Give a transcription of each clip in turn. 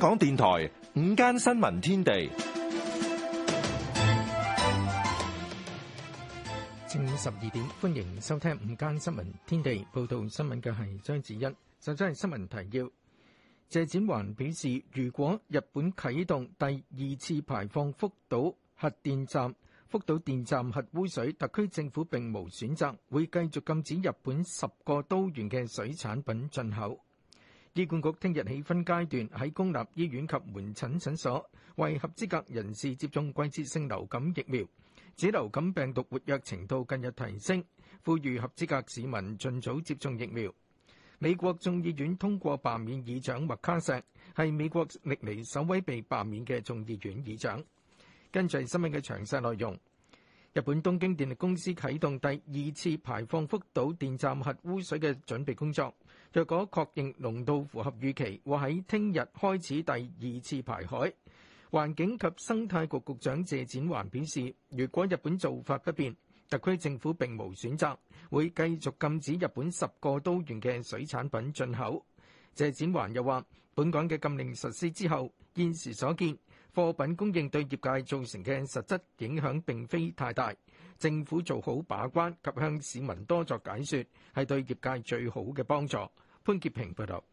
香港電台五間新聞天地，正午十二點，歡迎收聽五間新聞天地。報道新聞嘅係張子欣，首先係新聞提要。謝展寰表示，如果日本啟動第二次排放福島核電站，福島電站核污水，特區政府並無選擇，會繼續禁止日本十個都縣嘅水產品進口。醫管局聽日起分階段喺公立醫院及門診診所為合資格人士接種季節性流感疫苗，指流感病毒活躍程度近日提升，呼籲合資格市民盡早接種疫苗。美國眾議院通過罷免議長麥卡錫，係美國歷嚟首位被罷免嘅眾議院議長。跟住新聞嘅詳細內容，日本東京電力公司啟動第二次排放福島電站核污水嘅準備工作。若果確認濃度符合預期，會喺聽日開始第二次排海。環境及生態局局長謝展環表示，如果日本做法不變，特區政府並無選擇，會繼續禁止日本十個都縣嘅水產品進口。謝展環又話，本港嘅禁令實施之後，現時所見貨品供應對業界造成嘅實質影響並非太大。政府做好把關及向市民多作解說，係對業界最好嘅幫助。潘潔平報道。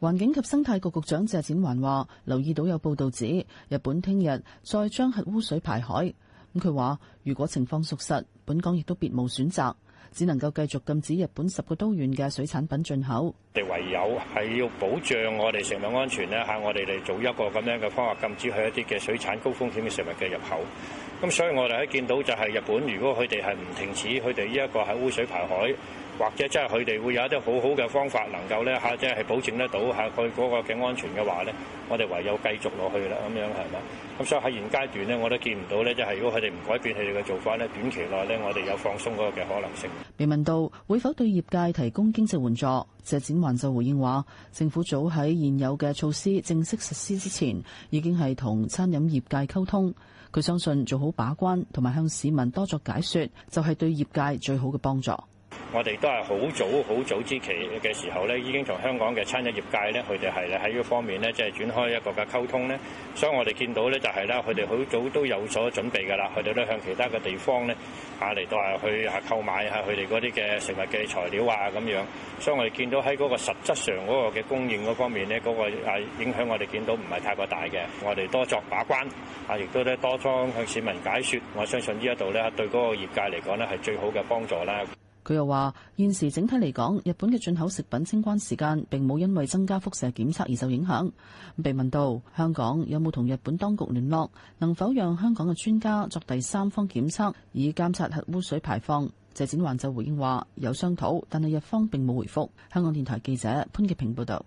環境及生態局局長謝展環話，留意到有報道指日本聽日再將核污水排海，咁佢話如果情況屬實，本港亦都別無選擇。只能夠繼續禁止日本十個都縣嘅水產品進口。我哋唯有係要保障我哋食物安全啦，下我哋嚟做一個咁樣嘅方法，禁止佢一啲嘅水產高風險嘅食物嘅入口。咁所以我哋可以見到就係日本，如果佢哋係唔停止佢哋呢一個喺污水排海或者即係佢哋會有一啲好好嘅方法，能夠咧吓，即係保證得到吓，佢嗰個嘅安全嘅話咧，我哋唯有繼續落去啦。咁樣係嘛咁，所以喺現階段咧，我都見唔到咧，即係如果佢哋唔改變佢哋嘅做法咧，短期內咧，我哋有放鬆嗰個嘅可能性。被問到會否對業界提供經濟援助，謝展環就回應話：政府早喺現有嘅措施正式實施之前，已經係同餐飲業界溝通。佢相信做好把關同埋向市民多作解說，就係對業界最好嘅幫助。我哋都係好早好早之期嘅時候咧，已經同香港嘅餐飲業界咧，佢哋係喺呢方面咧，即係轉開一個嘅溝通咧。所以我哋見到咧，就係啦，佢哋好早都有所準備㗎啦。佢哋都向其他嘅地方咧啊嚟到係去啊購買下佢哋嗰啲嘅食物嘅材料啊咁樣。所以我哋見到喺嗰個實質上嗰個嘅供應嗰方面咧，嗰個影響我哋見到唔係太過大嘅。我哋多作把關啊，亦都咧多方向市民解說。我相信呢一度咧對嗰個業界嚟講咧係最好嘅幫助啦。佢又話：現時整體嚟講，日本嘅進口食品清關時間並冇因為增加輻射檢測而受影響。被問到香港有冇同日本當局聯絡，能否讓香港嘅專家作第三方檢測以監察核污水排放？謝展寰就回應話：有商討，但係日方並冇回覆。香港電台記者潘潔平報道。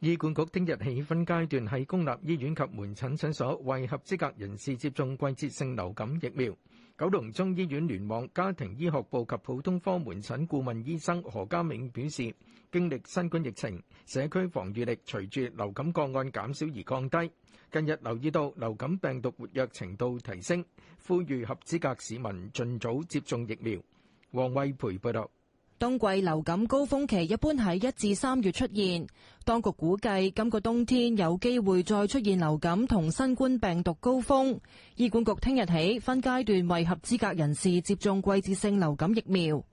醫管局聽日起分階段喺公立醫院及門診診所為合資格人士接種季節性流感疫苗。九龍中醫院聯網家庭醫學部及普通科門診顧問醫生何家銘表示，經歷新冠疫情，社區防禦力隨住流感個案減少而降低。近日留意到流感病毒活躍程度提升，呼籲合資格市民盡早接種疫苗。王惠培報道。冬季流感高峰期一般喺一至三月出現，當局估計今個冬天有機會再出現流感同新冠病毒高峰，醫管局聽日起分階段為合資格人士接種季節性流感疫苗。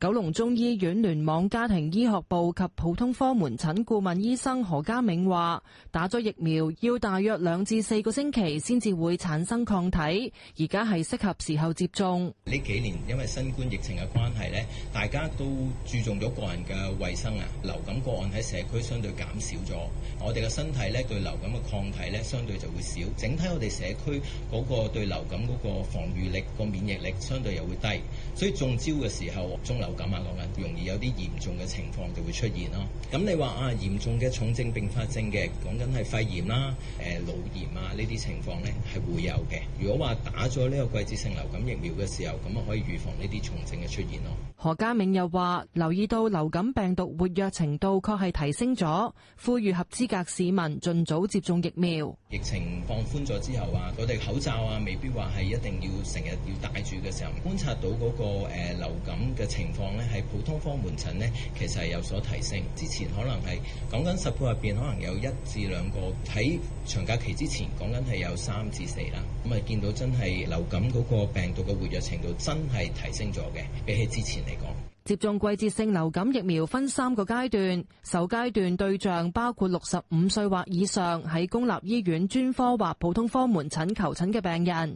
九龍中醫院聯網家庭醫學部及普通科門診顧問醫生何家銘話：打咗疫苗要大約兩至四個星期先至會產生抗體，而家係適合時候接種。呢幾年因為新冠疫情嘅關係咧，大家都注重咗個人嘅衛生啊，流感個案喺社區相對減少咗，我哋嘅身體咧，對流感嘅抗體咧，相對就會少，整體我哋社區嗰個對流感嗰個防禦力，個免疫力相對又會低，所以中招嘅時候中流，流感講緊容易有啲嚴重嘅情況就會出現咯。咁你話啊，嚴重嘅重症併發症嘅，講緊係肺炎啦、誒、啊、腦炎啊呢啲情況咧係會有嘅。如果話打咗呢個季節性流感疫苗嘅時候，咁啊可以預防呢啲重症嘅出現咯。何家銘又話：留意到流感病毒活躍程度確係提升咗，呼籲合資格市民盡早接種疫苗。疫情放寬咗之後啊，我哋口罩啊未必話係一定要成日要戴住嘅時候，觀察到嗰個誒流感嘅情況。講咧喺普通科門診咧，其實係有所提升。之前可能係講緊十個入面，可能有一至兩個喺長假期之前講緊係有三至四啦。咁啊，見到真係流感嗰個病毒嘅活躍程度真係提升咗嘅，比起之前嚟講。接種季節性流感疫苗分三個階段，首階段對象包括六十五歲或以上喺公立醫院專科或普通科門診求診嘅病人；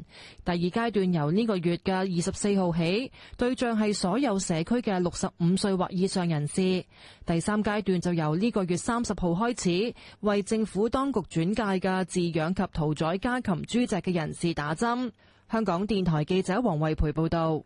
第二階段由呢個月嘅二十四號起，對象係所有社區嘅六十五歲或以上人士；第三階段就由呢個月三十號開始，為政府當局轉介嘅飼養及屠宰家禽、豬隻嘅人士打針。香港電台記者黃惠培報道。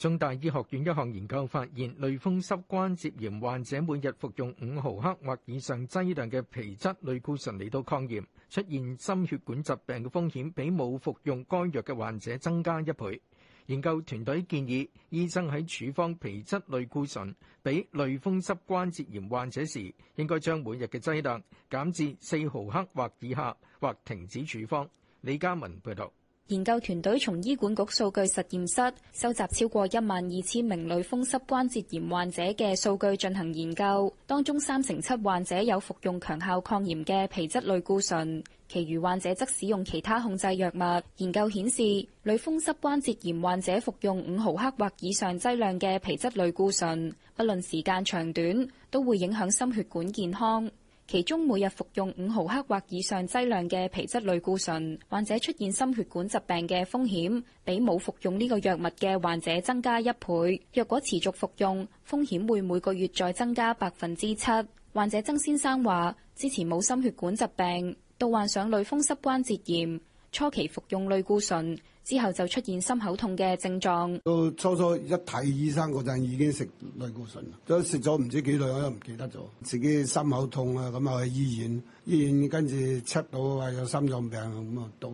中大醫學院一項研究發現，類風濕關節炎患者每日服用五毫克或以上劑量嘅皮質類固醇嚟到抗炎，出現心血管疾病嘅風險比冇服用該藥嘅患者增加一倍。研究團隊建議，醫生喺處方皮質類固醇俾類風濕關節炎患者時，應該將每日嘅劑量減至四毫克或以下，或停止處方。李嘉文報道。研究團隊從醫管局數據實驗室收集超過一萬二千名類風濕關節炎患者嘅數據進行研究，當中三成七患者有服用強效抗炎嘅皮質類固醇，其餘患者則使用其他控制藥物。研究顯示，類風濕關節炎患者服用五毫克或以上劑量嘅皮質類固醇，不論時間長短，都會影響心血管健康。其中每日服用五毫克或以上劑量嘅皮質類固醇，患者出現心血管疾病嘅風險，比冇服用呢個藥物嘅患者增加一倍。若果持續服用，風險會每個月再增加百分之七。患者曾先生話：之前冇心血管疾病，到患上類風濕關節炎，初期服用類固醇。之後就出現心口痛嘅症狀。到初初一睇醫生嗰陣，已經食類固醇，都食咗唔知幾耐，我都唔記得咗。自己心口痛啊，咁啊去醫院，醫院跟住出到話有心臟病，咁啊到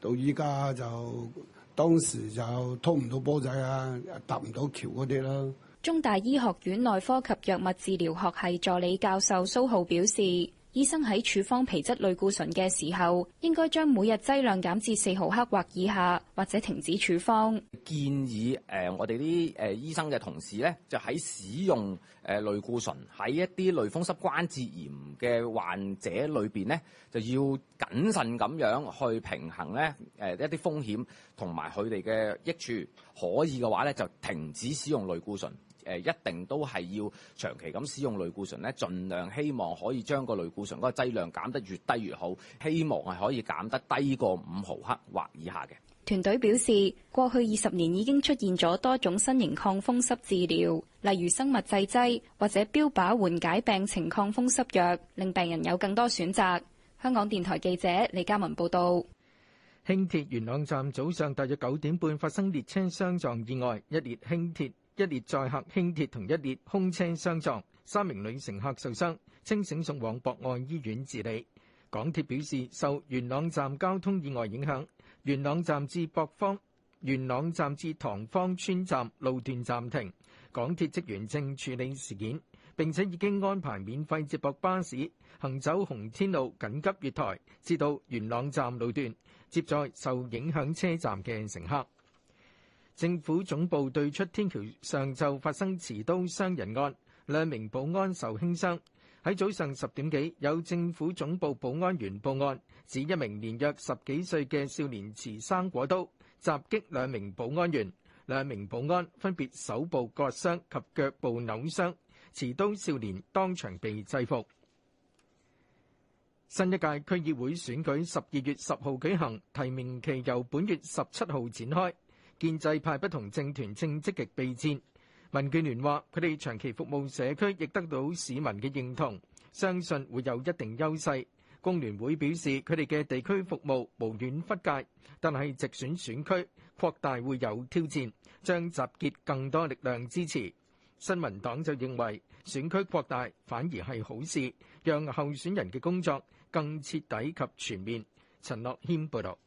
到依家就當時就通唔到波仔啊，搭唔到橋嗰啲啦。中大醫學院內科及藥物治療學系助理教授蘇浩表示。醫生喺處方皮質類固醇嘅時候，應該將每日劑量減至四毫克或以下，或者停止處方。建議誒、呃、我哋啲誒醫生嘅同事咧，就喺使用誒、呃、類固醇喺一啲類風濕關節炎嘅患者裏邊咧，就要謹慎咁樣去平衡咧誒、呃、一啲風險同埋佢哋嘅益處。可以嘅話咧，就停止使用類固醇。誒一定都係要長期咁使用類固醇咧，盡量希望可以將個類固醇嗰個劑量減得越低越好，希望係可以減得低過五毫克或以下嘅。團隊表示，過去二十年已經出現咗多種新型抗風濕治療，例如生物製劑或者標靶緩解病情抗風濕藥，令病人有更多選擇。香港電台記者李嘉文報道，輕鐵元朗站早上大約九點半發生列車相撞意外，一列輕鐵，一列載客輕鐵同一列空車相撞，三名女乘客受傷，清醒送往博愛醫院治理。港鐵表示受元朗站交通意外影響，元朗站至博方、元朗站至塘坊村站路段暫停。港鐵職員正處理事件，並且已經安排免費接駁巴士行走紅天路緊急月台，至到元朗站路段接載受影響車站嘅乘客。政府總部對出天橋上晝發生持刀傷人案，兩名保安受輕傷。喺早上十點幾，有政府總部保安員報案，指一名年約十幾歲嘅少年持生果刀襲擊兩名保安員，兩名保安分別手部割傷及腳部扭傷，持刀少年當場被制服。新一屆區議會選舉十二月十號舉行，提名期由本月十七號展開。建制派不同政團正積極備戰，民建聯話佢哋長期服務社區，亦得到市民嘅認同，相信會有一定優勢。工聯會表示佢哋嘅地區服務無遠弗屆，但係直選選區擴大會有挑戰，將集結更多力量支持。新民黨就認為選區擴大反而係好事，讓候選人嘅工作更徹底及全面。陳樂謙報道。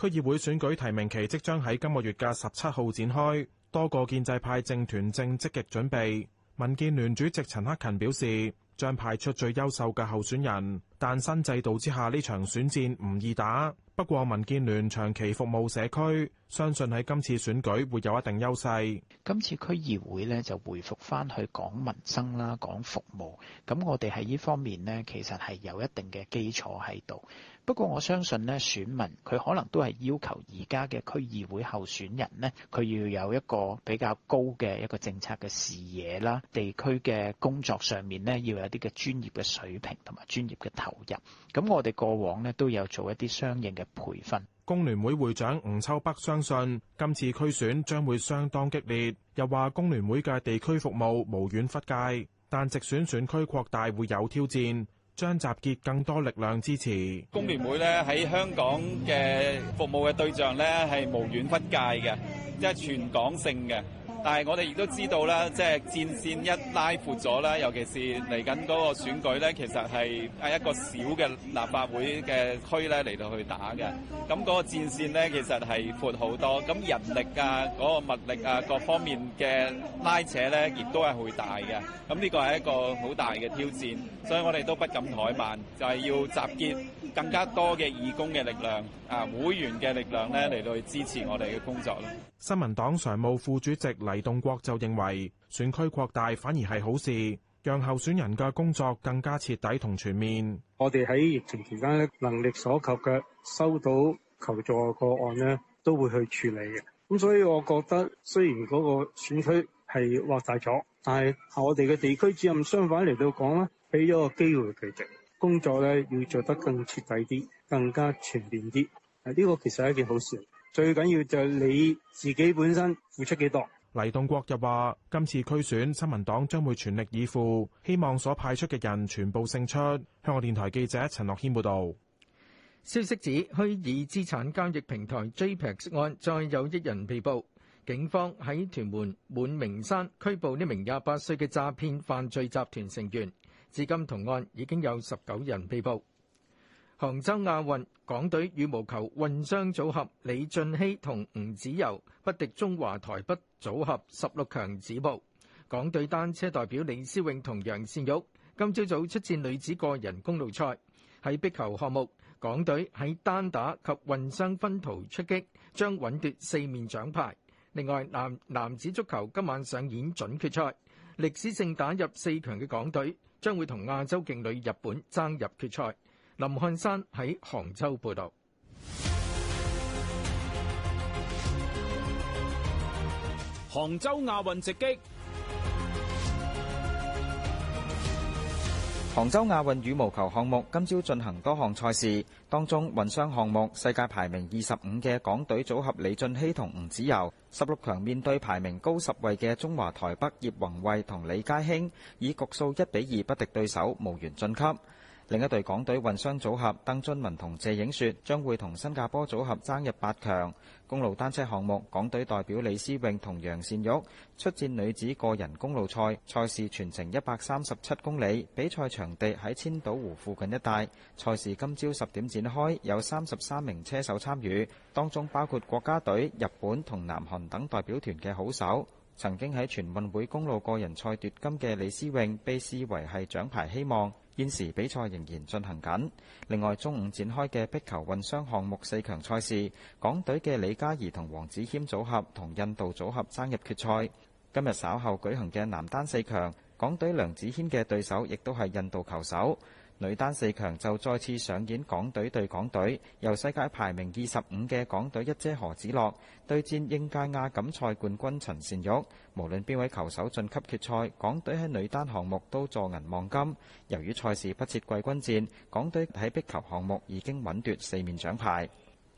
區議會選舉提名期即將喺今個月嘅十七號展開，多個建制派政團正積極準備。民建聯主席陳克勤表示，將派出最優秀嘅候選人，但新制度之下呢場選戰唔易打。不過，民建聯長期服務社區，相信喺今次選舉會有一定優勢。今次區議會呢就回覆返去講民生啦，講服務。咁我哋喺呢方面呢，其實係有一定嘅基礎喺度。不過我相信呢選民佢可能都係要求而家嘅區議會候選人呢，佢要有一個比較高嘅一個政策嘅視野啦，地區嘅工作上面呢，要有啲嘅專業嘅水平同埋專業嘅投入。咁我哋過往呢，都有做一啲相應嘅培訓。工聯會會長吳秋北相信今次區選將會相當激烈，又話工聯會嘅地區服務無遠弗屆，但直選選區擴大會有挑戰。將集結更多力量支持工聯會咧，喺香港嘅服務嘅對象咧，係無遠弗屆嘅，即係全港性嘅。但係我哋亦都知道啦，即係戰線一拉闊咗啦，尤其是嚟緊嗰個選舉咧，其實係一個小嘅立法會嘅區咧嚟到去打嘅。咁嗰個戰線咧，其實係闊好多。咁人力啊，嗰個物力啊，各方面嘅拉扯咧，亦都係好大嘅。咁呢個係一個好大嘅挑戰，所以我哋都不敢怠慢，就係要集結更加多嘅義工嘅力量啊，會員嘅力量咧嚟到去支持我哋嘅工作咧。新民黨常務副主席黎棟國就認為，選區擴大反而係好事，讓候選人嘅工作更加徹底同全面。我哋喺疫情期間能力所及嘅收到求助的個案咧，都會去處理嘅。咁所以我覺得，雖然嗰個選區係劃大咗，但係我哋嘅地區主任相反嚟到講咧，俾咗個機會佢哋工作咧，要做得更徹底啲，更加全面啲。啊，呢個其實係一件好事。最緊要就係你自己本身付出幾多。黎棟國又話：今次區選，新民黨將會全力以赴，希望所派出嘅人全部勝出。香港電台記者陳樂謙報道。消息指，虛擬資產交易平台 JPEX 案再有一人被捕，警方喺屯門滿名山拘捕一名廿八歲嘅詐騙犯罪集團成員。至今同案已經有十九人被捕。杭州亞運，港隊羽毛球混雙組合李俊熙同吳芷柔不敵中華台北組合，十六強止步。港隊單車代表李思穎同楊善玉今朝早出戰女子個人公路賽，喺壁球項目，港隊喺單打及混雙分途出擊，將穩奪四面獎牌。另外，男男子足球今晚上演準決賽，歷史性打入四強嘅港隊將會同亞洲勁旅日本爭入決賽。林漢山喺杭州報道。杭州亞運直擊。杭州亞運羽毛球項目今朝進行多項賽事，當中混雙項目世界排名二十五嘅港隊組合李晉熙同吳子柔十六強面對排名高十位嘅中華台北葉宏蔚同李佳馨，以局數一比二不敵對手，無緣晉級。另一隊港隊混雙組合鄧俊文同謝影雪將會同新加坡組合爭入八強。公路單車項目，港隊代表李思穎同楊善玉出戰女子個人公路賽，賽事全程一百三十七公里，比賽場地喺千島湖附近一帶。賽事今朝十點展開，有三十三名車手參與，當中包括國家隊、日本同南韓等代表團嘅好手。曾經喺全運會公路個人賽奪金嘅李思穎，被視為係獎牌希望。現時比賽仍然進行緊。另外，中午展開嘅壁球混雙項目四強賽事，港隊嘅李嘉怡同黃子謙組合同印度組合爭入決賽。今日稍後舉行嘅男單四強，港隊梁子謙嘅對手亦都係印度球手。女單四強就再次上演港隊對港隊，由世界排名二十五嘅港隊一姐何子樂對戰應屆亞錦賽冠軍陳善玉。無論邊位球手晉級決賽，港隊喺女單項目都坐銀望金。由於賽事不設季軍戰，港隊喺壁球項目已經穩奪四面獎牌。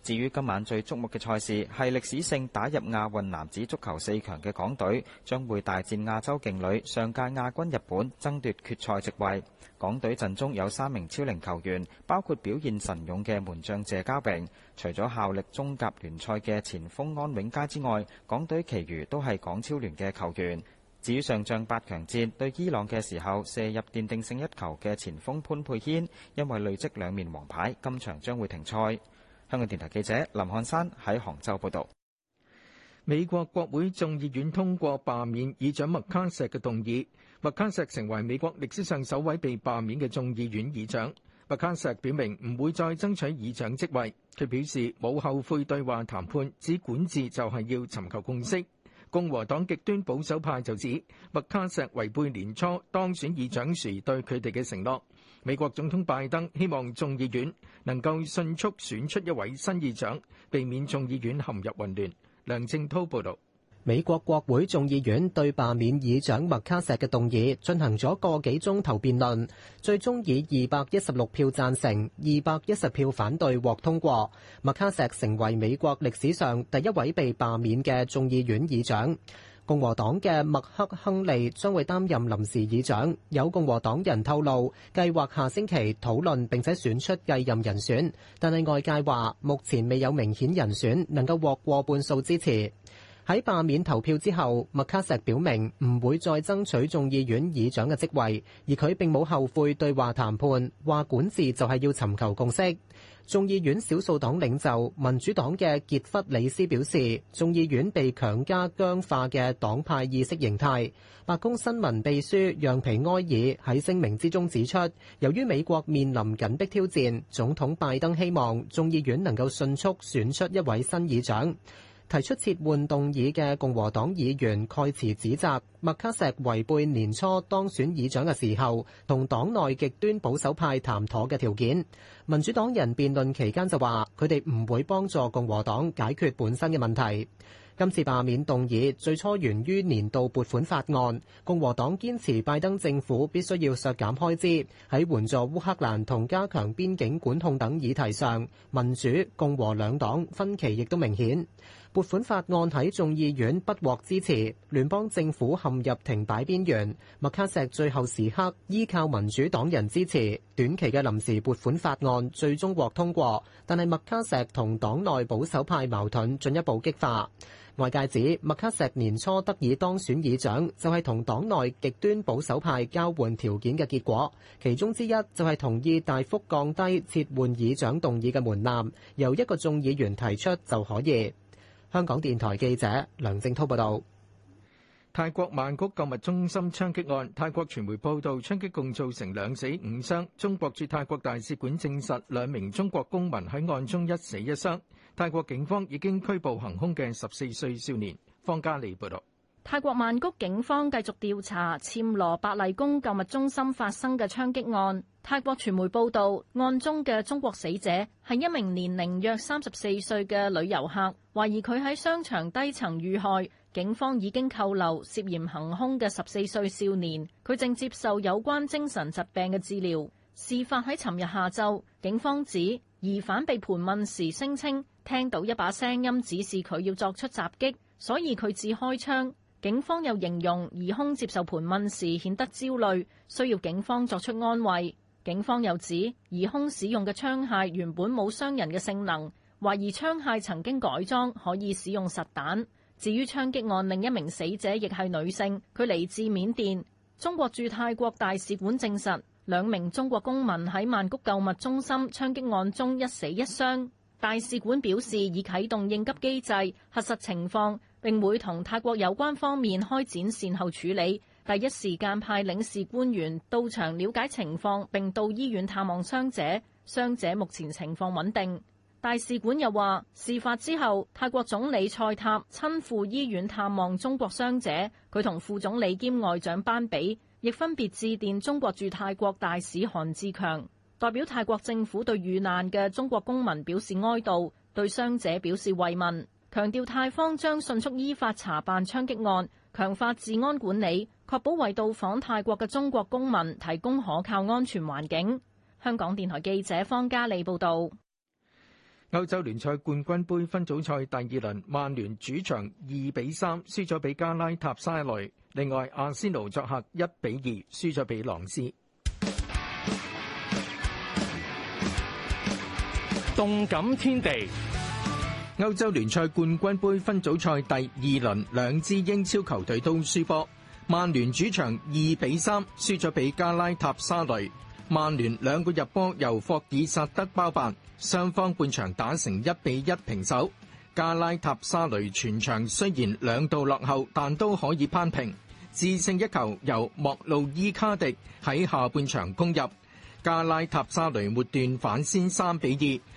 至於今晚最觸目嘅賽事係歷史性打入亞運男子足球四強嘅港隊，將會大戰亞洲勁旅上屆亞軍日本，爭奪決賽席位。港隊陣中有三名超齡球員，包括表現神勇嘅門將謝家炳，除咗效力中甲聯賽嘅前鋒安永佳之外，港隊其餘都係港超聯嘅球員。至於上仗八強戰對伊朗嘅時候射入奠定性一球嘅前鋒潘佩軒，因為累積兩面黃牌，今場將會停賽。香港電台記者林漢山喺杭州報道。美國國會眾議院通過罷免議長麥卡錫嘅動議，麥卡錫成為美國歷史上首位被罷免嘅眾議院議長。麥卡錫表明唔會再爭取議長職位。佢表示冇後悔對話談判，只管治就係要尋求共識。共和黨極端保守派就指麥卡錫違背年初當選議長時對佢哋嘅承諾。美國國會眾議院對罷免議長麥卡錫嘅動議進行咗個幾鐘頭辯論，最終以216票贊成210共和黨嘅麥克亨利將會擔任臨時議長，有共和黨人透露，計劃下星期討論並且選出繼任人選，但係外界話目前未有明顯人選能夠獲過半數支持。喺罷免投票之後，麥卡錫表明唔會再爭取眾議院議長嘅職位，而佢並冇後悔對話談判，話管治就係要尋求共識。眾議院少數黨領袖民主黨嘅傑弗里斯表示，眾議院被強加僵化嘅黨派意識形態。白宮新聞秘書讓皮埃爾喺聲明之中指出，由於美國面臨緊迫挑戰，總統拜登希望眾議院能夠迅速選出一位新議長。提出撤換動議嘅共和黨議員蓋茨指責麥卡錫違背年初當選議長嘅時候同黨內極端保守派談妥嘅條件。民主黨人辯論期間就話佢哋唔會幫助共和黨解決本身嘅問題。今次罷免動議最初源於年度撥款法案，共和黨堅持拜登政府必須要削減開支。喺援助烏克蘭同加強邊境管控等議題上，民主共和兩黨分歧亦都明顯。撥款法案喺眾議院不獲支持，聯邦政府陷入停擺邊緣。麥卡錫最後時刻依靠民主黨人支持，短期嘅臨時撥款法案最終獲通過，但係麥卡錫同黨內保守派矛盾進一步激化。外界指麥卡錫年初得以當選議長，就係同黨內極端保守派交換條件嘅結果，其中之一就係同意大幅降低撤換議長動議嘅門檻，由一個眾議員提出就可以。香港電台記者梁正濤報道，泰國曼谷購物中心槍擊案，泰國傳媒報道槍擊共造成兩死五傷。中國駐泰國大使館證實，兩名中國公民喺案中一死一傷。泰國警方已經拘捕行兇嘅十四歲少年。方嘉利報道，泰國曼谷警方繼續調查暹羅百麗宮購物中心發生嘅槍擊案。泰國傳媒報道，案中嘅中國死者係一名年齡約三十四歲嘅女遊客。懷疑佢喺商場低層遇害，警方已經扣留涉嫌行凶嘅十四歲少年。佢正接受有關精神疾病嘅治療。事發喺尋日下晝，警方指疑犯被盤問時聲稱聽到一把聲音指示佢要作出襲擊，所以佢自開槍。警方又形容疑凶接受盤問時顯得焦慮，需要警方作出安慰。警方又指疑凶使用嘅槍械原本冇傷人嘅性能。懷疑槍械曾經改裝，可以使用實彈。至於槍擊案，另一名死者亦係女性，佢嚟自緬甸。中國駐泰國大使館證實，兩名中國公民喺曼谷購物中心槍擊案中一死一傷。大使館表示已啟動應急機制、核實情況，並會同泰國有關方面開展善後處理。第一時間派領事官員到場了解情況，並到醫院探望傷者，傷者目前情況穩定。大使館又話：事發之後，泰國總理賽塔親赴醫院探望中國傷者，佢同副總理兼外長班比亦分別致電中國駐泰國大使韓志強，代表泰國政府對遇難嘅中國公民表示哀悼，對傷者表示慰問，強調泰方將迅速依法查辦槍擊案，強化治安管理，確保為到訪泰國嘅中國公民提供可靠安全環境。香港電台記者方嘉莉報導。歐洲聯賽冠軍盃分組賽第二輪，曼聯主場二比三輸咗俾加拉塔沙雷。另外，阿仙奴作客一比二輸咗俾朗斯。動感天地，歐洲聯賽冠軍盃分組賽第二輪，兩支英超球隊都輸波。曼聯主場二比三輸咗俾加拉塔沙雷。曼聯兩個入波，由霍爾薩德包辦，雙方半場打成一比一平手。加拉塔沙雷全場雖然兩度落後，但都可以攀平，致勝一球由莫路伊卡迪喺下半場攻入。加拉塔沙雷末段反先三比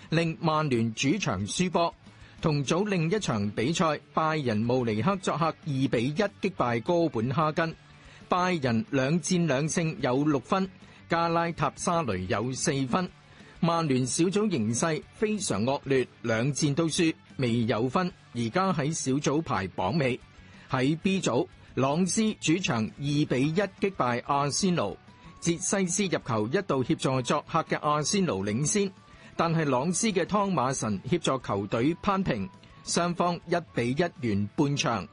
二，令曼聯主場輸波。同組另一場比賽，拜仁慕尼黑作客二比一擊敗哥本哈根，拜仁兩戰兩勝，有六分。加拉塔沙雷有四分，曼聯小組形勢非常惡劣，兩戰都輸，未有分，而家喺小組排榜尾。喺 B 組，朗斯主場二比一擊敗阿仙奴，捷西斯入球一度協助作客嘅阿仙奴領先，但係朗斯嘅湯馬神協助球隊攀平，雙方一比一完半場。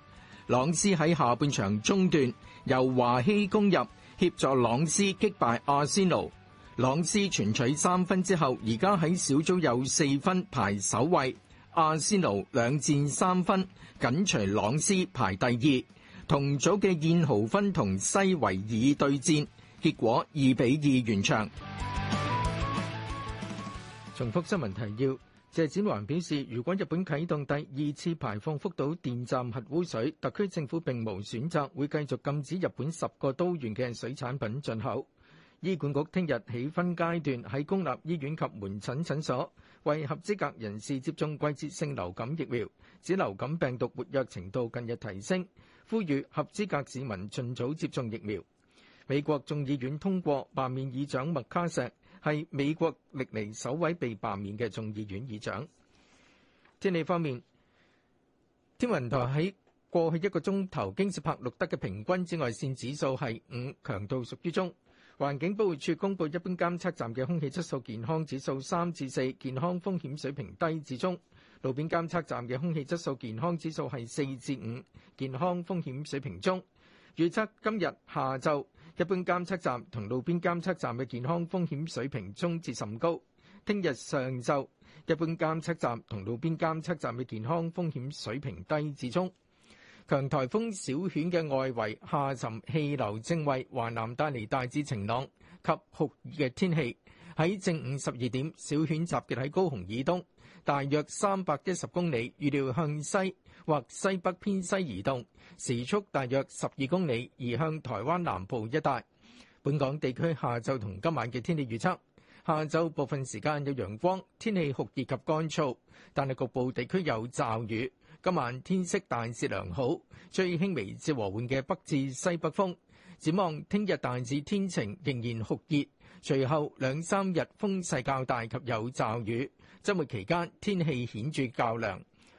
朗斯喺下半場中段由華希攻入，協助朗斯擊敗阿仙奴，朗斯全取三分之後，而家喺小組有四分排首位。阿仙奴兩戰三分，緊隨朗斯排第二。同組嘅燕豪芬同西維爾對戰，結果二比二完場。重複新聞提要。謝展寰表示，如果日本啟動第二次排放福島電站核污水，特區政府並無選擇，會繼續禁止日本十個都縣嘅水產品進口。醫管局聽日起分階段喺公立醫院及門診診所為合資格人士接種季節性流感疫苗，指流感病毒活躍程度近日提升，呼籲合資格市民盡早接種疫苗。美國眾議院通過罷免議長麥卡錫。係美國歷嚟首位被罷免嘅眾議院議長。天氣方面，天文台喺過去一個鐘頭京士柏錄得嘅平均紫外線指數係五，強度屬於中。環境保護署公佈一般監測站嘅空氣質素健康指數三至四，健康風險水平低至中。路邊監測站嘅空氣質素健康指數係四至五，健康風險水平中。預測今日下晝。一般監測站同路邊監測站嘅健康風險水平中至甚高。聽日上晝，一般監測站同路邊監測站嘅健康風險水平低至中。強颱風小犬嘅外圍下沉氣流正為華南帶嚟大致晴朗及酷熱嘅天氣。喺正午十二點，小犬集結喺高雄以東，大約三百一十公里，預料向西或西北偏西移動，時速大約十二公里，移向台灣南部一帶。本港地區下晝同今晚嘅天氣預測：下晝部分時間有陽光，天氣酷熱及乾燥，但係局部地區有驟雨。今晚天色大致良好，最輕微至和緩嘅北至西北風。展望聽日大致天晴，仍然酷熱，隨後兩三日風勢較大及有驟雨。周末期間天氣顯著較涼。